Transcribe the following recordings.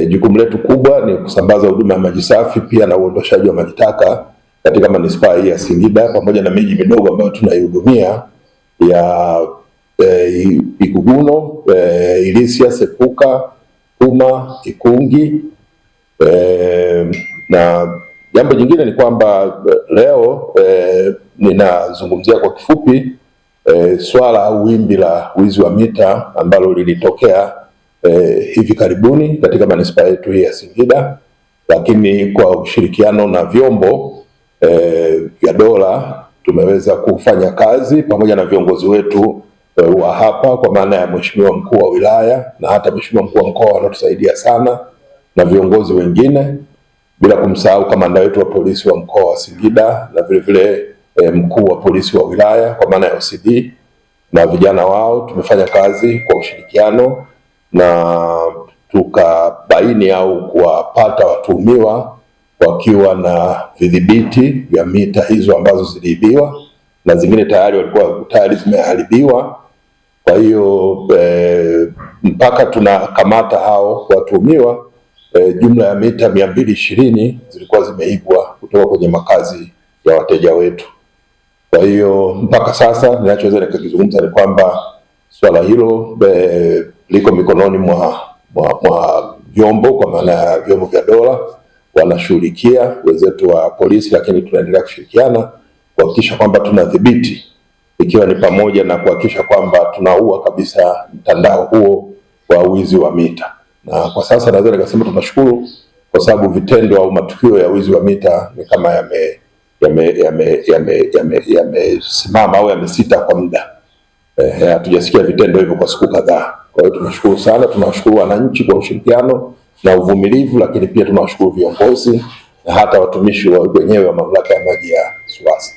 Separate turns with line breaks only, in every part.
E, jukumu letu kubwa ni kusambaza huduma ya maji safi pia na uondoshaji wa maji taka katika manispaa hii ya Singida pamoja na miji midogo ambayo tunaihudumia ya e, Iguguno, e, eh, Ilisia, Sepuka, uma Ikungi e, na jambo jingine ni kwamba leo e, ninazungumzia kwa kifupi e, swala au wimbi la wizi wa mita ambalo lilitokea eh, hivi karibuni katika manispaa yetu hii ya Singida, lakini kwa ushirikiano na vyombo eh, vya dola tumeweza kufanya kazi pamoja na viongozi wetu eh, wa hapa kwa maana ya mheshimiwa mkuu wa wilaya na hata mheshimiwa mkuu wa mkoa wanaotusaidia sana na viongozi wengine, bila kumsahau kamanda wetu wa polisi wa mkoa wa Singida na vilevile eh, mkuu wa polisi wa wilaya kwa maana ya OCD na vijana wao. Tumefanya kazi kwa ushirikiano na tukabaini au kuwapata watuhumiwa wakiwa na vidhibiti vya mita hizo ambazo ziliibiwa na zingine tayari walikuwa tayari zimeharibiwa. Kwa hiyo e, mpaka tunakamata hao watuhumiwa e, jumla ya mita mia mbili ishirini zilikuwa zimeibwa kutoka kwenye makazi ya wateja wetu. Kwa hiyo mpaka sasa ninachoweza nikakizungumza ni kwamba swala hilo be, liko mikononi mwa mwa, mwa vyombo kwa maana ya vyombo vya dola wanashughulikia wenzetu wa polisi, lakini tunaendelea kushirikiana kuhakikisha kwamba tunadhibiti, ikiwa ni pamoja na kuhakikisha kwamba tunaua kabisa mtandao huo wa wizi wa mita. Na kwa sasa naweza nikasema tunashukuru, kwa sababu vitendo au matukio ya wizi wa mita ni kama yamesimama yame, yame, yame, yame, yame au yamesita kwa muda. Eh, eh, hatujasikia vitendo hivyo kwa siku kadhaa. Kwa hiyo tunashukuru sana, tunawashukuru wananchi kwa ushirikiano na uvumilivu, lakini pia tunawashukuru viongozi na hata watumishi wa wenyewe wa mamlaka ya maji ya Suwasa.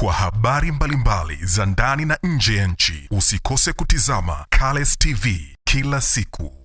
Kwa habari mbalimbali za ndani na nje ya nchi, usikose kutizama Cales TV kila siku.